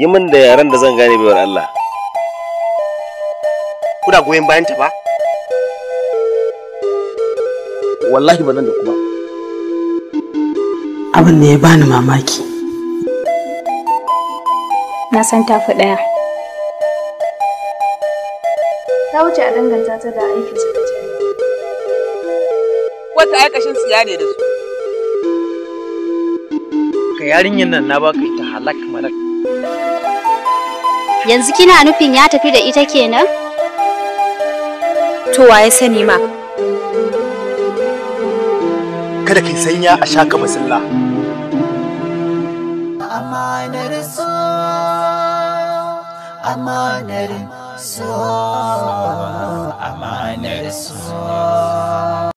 yi min da yaren da zan gane baiwar Allah kuna goyon bayan ta ba wallahi ba nan da kuma abin da ya bani mamaki na san ta fi ɗaya ta wuce a danganta ta da aikin ce Wata wata aikashin su ne da su ka yarinyan nan na baka ita halak malak Yanzu kina nufin ya tafi da ita kenan? To waye sani ma. Kada kai sanya a shaka masalla. Amanar so, amanar so, amanar so.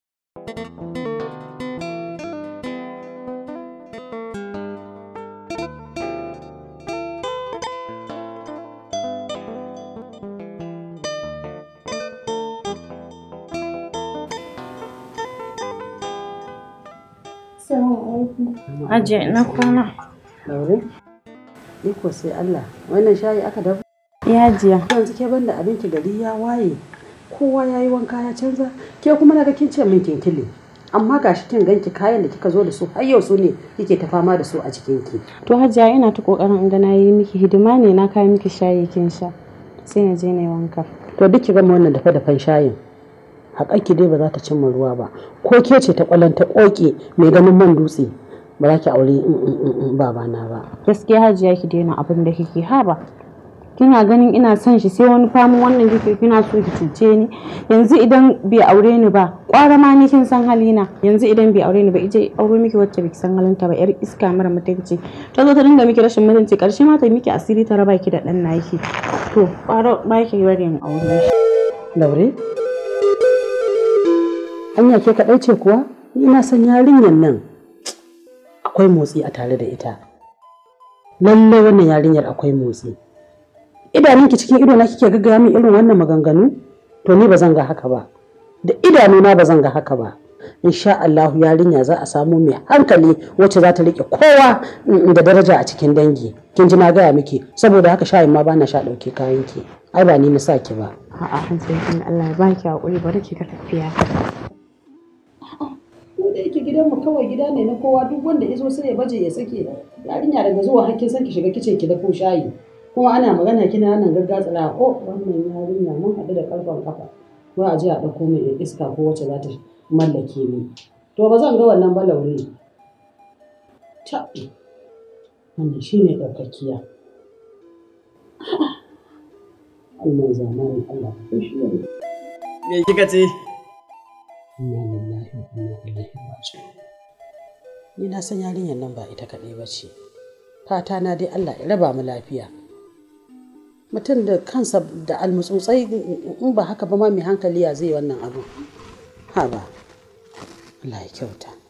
Aje na kwana. Iko sai Allah. Wannan shayi aka dafa? Ya jiya. Yanzu ke banda abin ki gari ya waye. Kowa ya yi wanka ya canza. Ke kuma naga kin ce min kinkile. Amma gashi kin ganki kayan da kika zo da su har yau su ne kike ta fama da su a cikin ki. To Hajiya ina ta kokarin in ga na yi miki hidima ne na kai miki shayi kin sha. Sai na je na wanka. To duk ki gama wannan dafa-dafan shayin. haƙaƙi dai ba za ta cimma ruwa ba ko ke ce ta ƙwallon ta ƙoƙe mai ganin man dutse ba za ki aure mm, mm, mm, babana ba gaskiya hajiya ki daina abin da kike haba kina ganin ina son shi sai wani famu wannan kike kina so ki cuce ni yanzu idan bai aure ni ba ƙwara ma ni kin san halina yanzu idan bai aure ni ba ije aure miki wacce biki san halinta ba yar iska mara mutunci ta zo ta dinga miki rashin mutunci karshe ma ta miki asiri ta raba ki da dan naki to kwara ba ki bari in aure shi hanya ke kaɗai ce kuwa ina son yarinyar nan akwai motsi a tare da ita lallai wannan yarinyar akwai motsi idanunki cikin ido na kike gaggaya min irin wannan maganganu to ni ba zan ga haka ba da idanu na ba zan ga haka ba insha Allah yarinya za a samu mai hankali wacce za ta rike kowa da daraja a cikin dangi kin ji na gaya miki saboda haka shayin ma bana sha dauke kayan ki ai ba ni na saki ba a'a an sai Allah ya baki hakuri bari ki ka tafiya mu da yake mu kawai gida ne na kowa duk wanda ya sai ya baje ya sake yarinya daga zuwa hakkin sanki shiga kicin ki dafo shayi kuma ana magana kina nan gaggatsara ko oh, wannan yarinya mun haɗu da karfan kafa ko a je a ɗauko mai iska ko wacce za ta mallake ni to ba zan ga wannan ba laure ta wannan shine daukakiya Allah zamanin Allah ko kika ce yi ni na san yarinyar nan ba ita kaɗai ba ce fata na dai Allah ya raba mu lafiya mutum da kansa da almutsutsai in ba haka ba ma mai hankali ya zai wannan abu ha ba Allah ya kyauta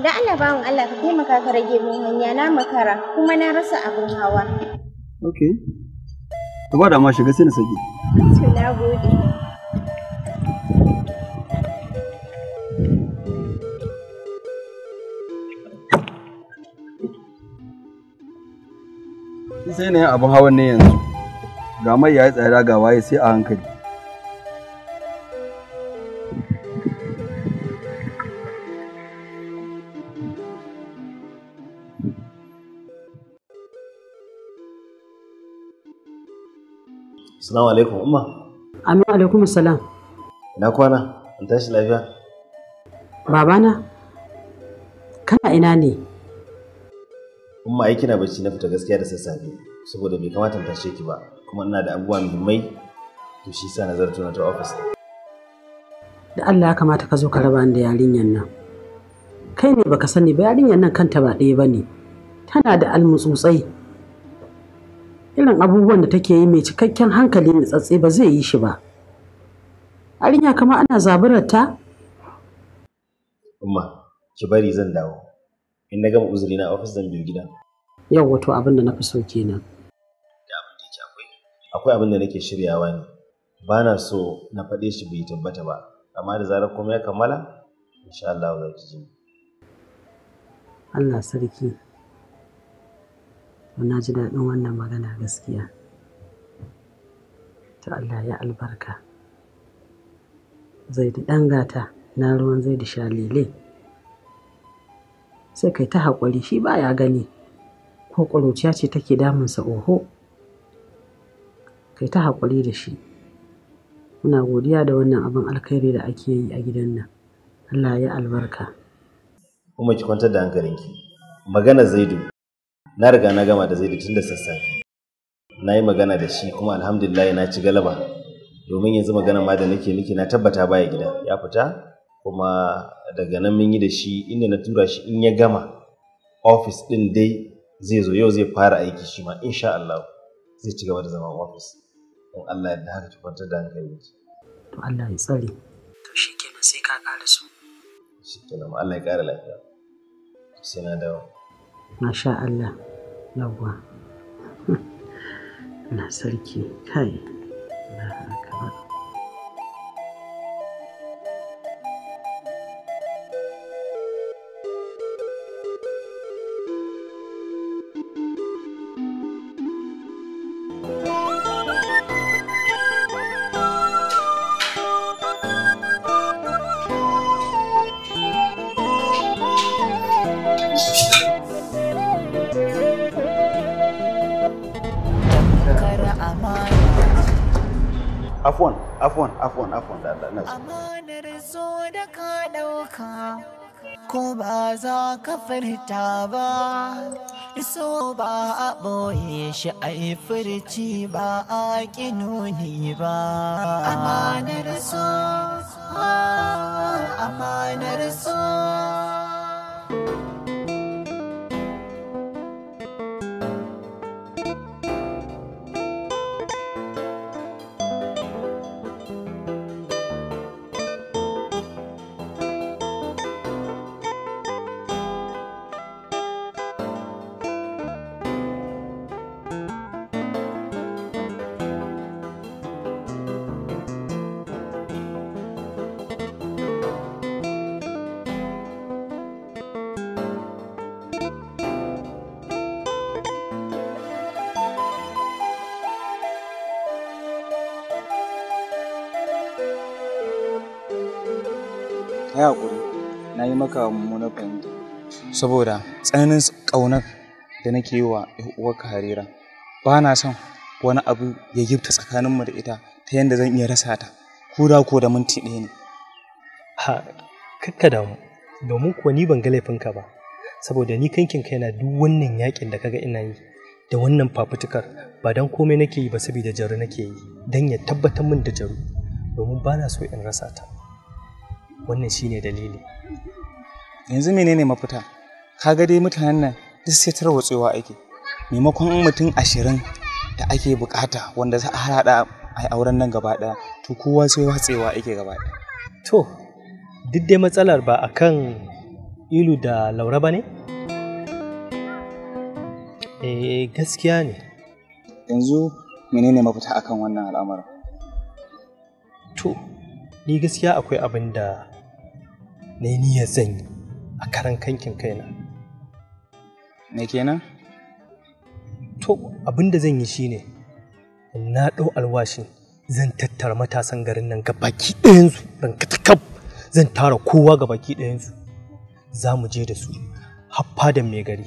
Da Allah bawan Allah ka taimaka ka rage mun hanya na makara kuma na rasa abin hawa. Ok. Ka ba da shiga sai na saki. na Sai na yi abin hawan ne yanzu. Ga mai ya yi tsada ga waye sai a hankali. Salamu alaikum umma. Amin alaikum salam. Ina kwana? An tashi lafiya? Babana? Kana ina ne? Umma aiki na bacci na fita gaskiya da sassafe saboda bai kamata in tashe ki ba kuma ina da abubuwa muhimmai to shi sa nazar tuna ta ofis. Da Allah ya kamata ka zo ka raba ni da yarinyar nan. Kai ne baka sani ba yarinyar nan kanta ba ɗaya ba ne. Tana da almutsutsai. irin abubuwan da take yi mai cikakken hankali mai tsatse ba zai yi shi ba arinya kama ana zaburar ta umma ki bari zan dawo in na gama uzuri na ofis zan biyo gida yau wato abin da na fi so kenan da abin da yake akwai akwai abin da nake shiryawa ne ba na so na faɗe shi bai tabbata ba amma da zarar komai ya kammala insha Allah za ki ji Allah sarki na ji daɗin wannan magana gaskiya ta Allah ya albarka zai da ɗan gata na ruwan zai da shalele sai kai ta haƙuri shi ba ya gani ko ƙuruciya ce take damunsa oho kai ta haƙuri da shi muna godiya da wannan abin alkhairi da ake yi a gidan nan Allah ya albarka kuma ki kwantar da hankalinki magana zaidu na riga na gama da zaidu tun da sassafe na yi magana da shi kuma alhamdulillah na ci galaba domin yanzu magana ma da nake miki na tabbata baya gida ya fita kuma daga nan mun yi da shi inda na tura shi in ya gama ofis ɗin dai zai zo yau zai fara aiki shi ma insha Allah zai ci gaba da zaman ofis don Allah da haka tabbatar da hankali to Allah ya tsare to shikenan sai ka ƙara su shikenan Allah ya ƙara lafiya sai na dawo Masha Allah, yawwa. Na sarki, kai. afon afon afon afon da Allah amanar zo da ka dauka ko ba za ka furta ba so ba a boye shi a yi furci ba a ƙinoni ba amanar so ah, amanar so maka mummuna fahimta saboda tsananin ƙaunar da nake yi wa ka harira ba na son wani abu ya ta tsakaninmu da ita ta yadda zan iya rasa ta ko da ko da minti ɗaya ne ha kakka damu domin kuwa ni ban ga laifin ka ba saboda ni kankin kaina duk wannan yakin da kaga ina yi da wannan fafutukar ba don komai nake yi ba saboda jaru nake yi dan ya tabbatar min da jaru domin ba na so in rasa ta wannan shine dalili yanzu menene mafita ga dai mutanen nan duk sai tarwatsewa ake maimakon mutum ashirin da ake bukata wanda za a haɗa a auren nan gaba ɗaya to kowa sai watsewa ake gaba ɗaya to duk dai matsalar ba akan ilu da laura ba ne eh gaskiya ne yanzu menene mafita akan wannan al'amarin to ni gaskiya akwai abin da na yi niyyar zan yi a karan kankin kaina me kenan to abin da zan yi shine na ɗau alwashin zan tattara matasan garin nan ga baki ɗayansu katakab zan tara kowa ga baki ɗayansu za mu je da su haffa da mai gari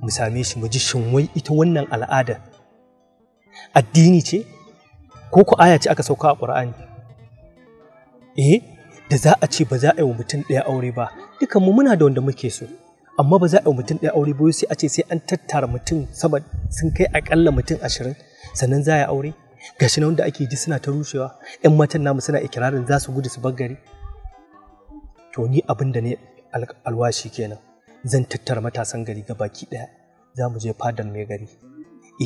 mu same shi mu ji shin ita wannan al'ada addini ce ko ku aya ce aka sauka a ƙur'ani eh da za a ce ba za a yi wa mutum ɗaya aure ba Dukanmu muna da wanda muke so amma ba za a yi mutum ɗaya aure ba sai a ce sai an tattara mutum sama sun kai akalla mutum ashirin sannan za a yi aure gashi na wanda ake ji suna ta rushewa yan matan namu suna ikirarin za su gudu su bar gari to ni abin da ne alwashi kenan zan tattara matasan gari ga baki ɗaya za mu je fadar mai gari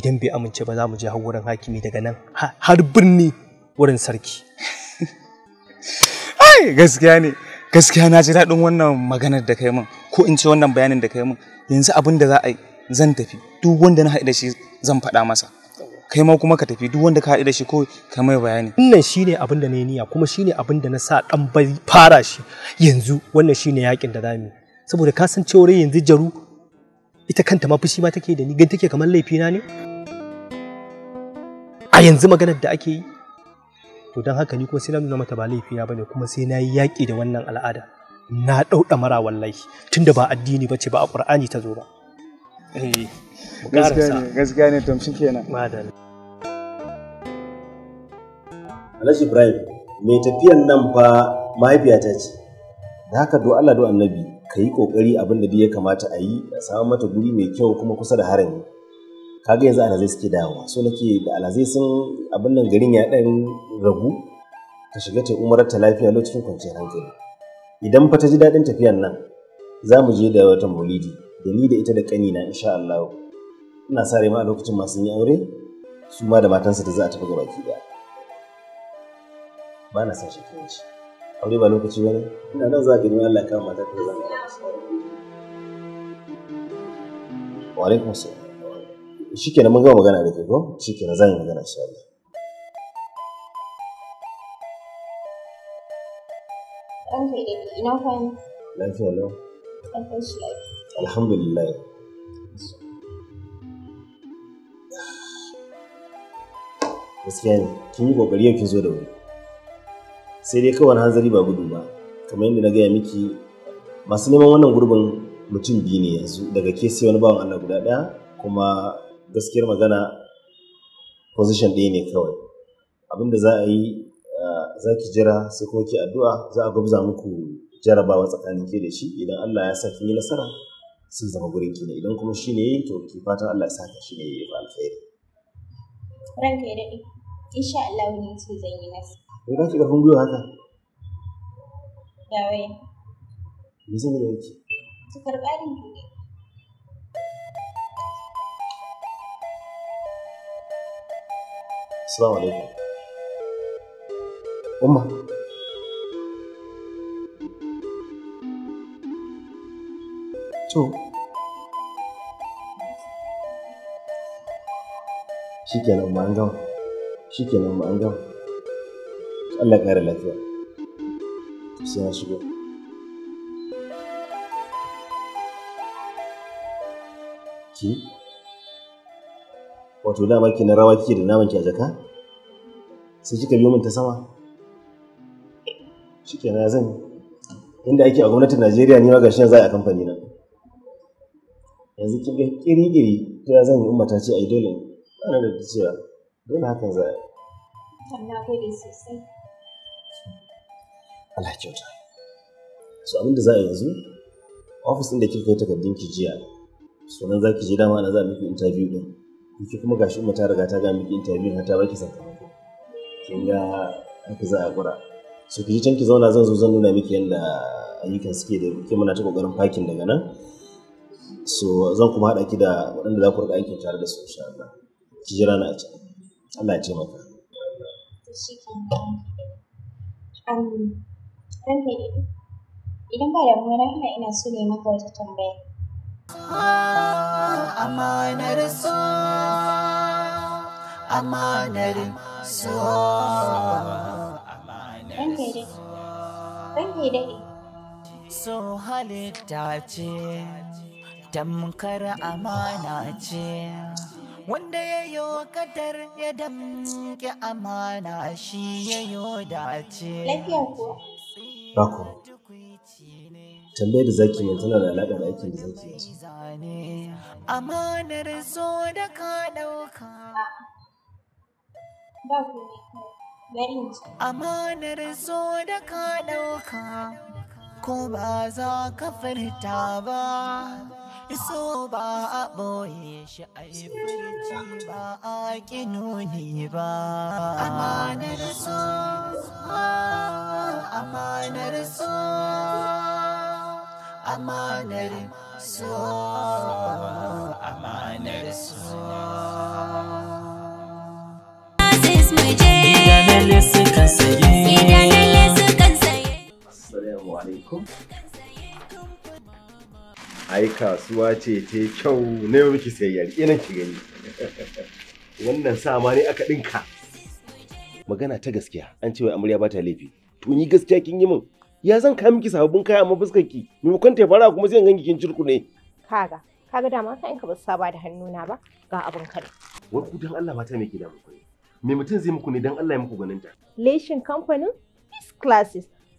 idan bai amince ba za mu je har wurin hakimi daga nan har birni wurin sarki ai gaskiya ne gaskiya na ji daɗin wannan maganar da kai min ko in ce wannan bayanin da kai min yanzu abin da za a yi zan tafi duk wanda na haɗu da shi zan faɗa masa kai ma kuma ka tafi duk wanda ka haɗu da shi ko ka mai bayani wannan shine abin da na yi niyya kuma shine abin da na sa dan bari fara shi yanzu wannan shine yakin da zamu saboda ka san cewa yanzu jaru ita kanta ma fushi ma take da ni gan take kamar laifina ne a yanzu maganar da ake yi to don haka ni ko sai na nuna mata ba laifina bane kuma sai na yi yaƙi da wannan al'ada na ɗauɗa mara wallahi tunda ba addini ba ce ba a ƙur'ani ta zo ba eh, gaskiya ne tamshi kenan madalla Alhaji Ibrahim mai tafiyan nan fa mahaifiyata ce da haka do Allah do annabi ka yi kokari abin da ya kamata a yi a samu mata guri mai kyau kuma kusa da harami kaga yanzu alazai suke dawowa so nake da alazai sun abin nan garin ya dan ragu ta shiga ta umarar ta lafiya lokacin kwanciyar hankali idan fa ta ji daɗin tafiyar nan za mu je da watan maulidi da ni da ita da na insha Allah ina sa rai ma a lokacin masu yi aure su ma da matansa da za a tafi gabaki da. ba na son shakiyanci aure ba lokaci ba ne ina nan za ka nemi Allah ya kama matar da zan ga wa alaikum assalam shikenan mun gama magana da kai ko zan yi magana da shi yau kin zo da wuri sai dai kawai hanzari ba gudu ba kamar yadda na gaya miki masu neman wannan gurbin mutum biyu ne yanzu daga ke sai wani bawan Allah guda ɗaya kuma gaskiyar magana position ɗaya ne kawai abinda za a yi ah, za ki jira sai kuma ki addu'a za a gwabza muku jarabawa tsakanin ke da shi idan Allah ya sa kin yi nasara sun zama gurin ki ne idan kuma shi ne to ki fatan Allah ya sa ka shi ne ya fa alkhairi ranka ya daɗe insha Allah wani ce zan yi nasara me eh, za ki ƙarfin gwiwa haka ba wai me zan yi da ki ki karɓa ni ne. Assalamu alaikum. Umma. To. Shi kenan gama. Shi ke umma an gama. Allah ƙara lafiya. Sai na shigo. Ki? wato dama na rawa kike da naman ki a jaka sai kika biyo min ta sama shikenan na zan inda ake a gwamnatin Najeriya ne ma gashi yanzu a kamfani na yanzu kin ga kiri-kiri to ya zan yi ummata ce ai dole ana da cewa dole hakan za a yi Allah gode sosai Allah kyauta so abinda za a yanzu ofis ɗin da kika kai takardun ki jiya sunan za ki je dama na za a miki interview din Yake kuma gashi ta riga ta ga miki interview har ta baki sakamako. Kin ga haka za a gura. So ki can ki zauna zan zo zan nuna miki yanda ayyukan suke da ke muna ta kokarin fakin daga nan. So zan kuma haɗa ki da waɗanda za ku riga aikin tare da su insha Allah. Ki jira na a can. Allah ya taimaka. Ranka idan ba damuwa na ina so ne maka wata tambaya. Amanar so, amanar so, amanar so. halitta ce, tamkar amana ce, wanda ya yi kadar ya damke amana shi ya yi dace. Lafiya ko? Ba tambayar da zaki mai tana da alaƙa da aikin da zaki yi amanar zo da ka ɗauka amanar zo da ka ɗauka ko ba za ka furta ba so ba a ɓoye shi a yi furci ba a ƙinoni ba amanar so ah, amanar so amanar so amanar so Idanale sukan Ai kasuwa ce ta kyau na yau miki sayayyar ina ki gani wannan sama ne aka dinka magana ta gaskiya an ce wai amarya ba ta laifi to ni gaskiya kin yi min ya zan kai miki sababbin kaya amma fuskar ki maimakon ta fara kuma sai in ganki kin cirkune kaga kaga dama ka in ka ba saba da hannuna ba ga abin kare wa ku dan Allah mata me ke da muku me mutum zai muku ne dan Allah ya muku ganin ta leshin kamfanin class classes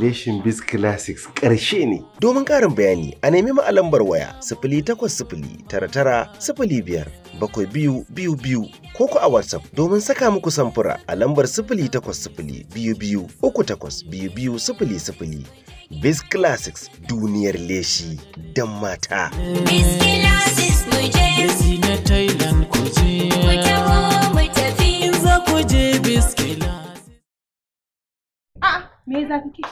Leshin Biz Classics ƙarshe ne. Domin ƙarin bayani a nemi ma'alambar a lambar waya sifili takwas sifili tara tara sifili biyar bakwai biyu biyu biyu ko ku a WhatsApp domin saka muku samfura a lambar sifili takwas sifili biyu biyu uku takwas biyu biyu sifili sifili. Biz Classics duniyar leshi don mata. Biz Classics mu je. na Thailand ku je. Mu tafi. za ku je Biz Classics. A'a, me za ke?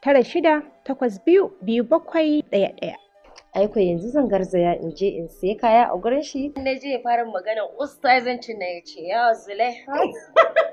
tara shida takwas biyu biyu bakwai ɗaya ɗaya. Aiko yanzu zan garzaya in je in sai kaya a gurin shi. Na je fara magana ustazancin na ya ce yawa zule.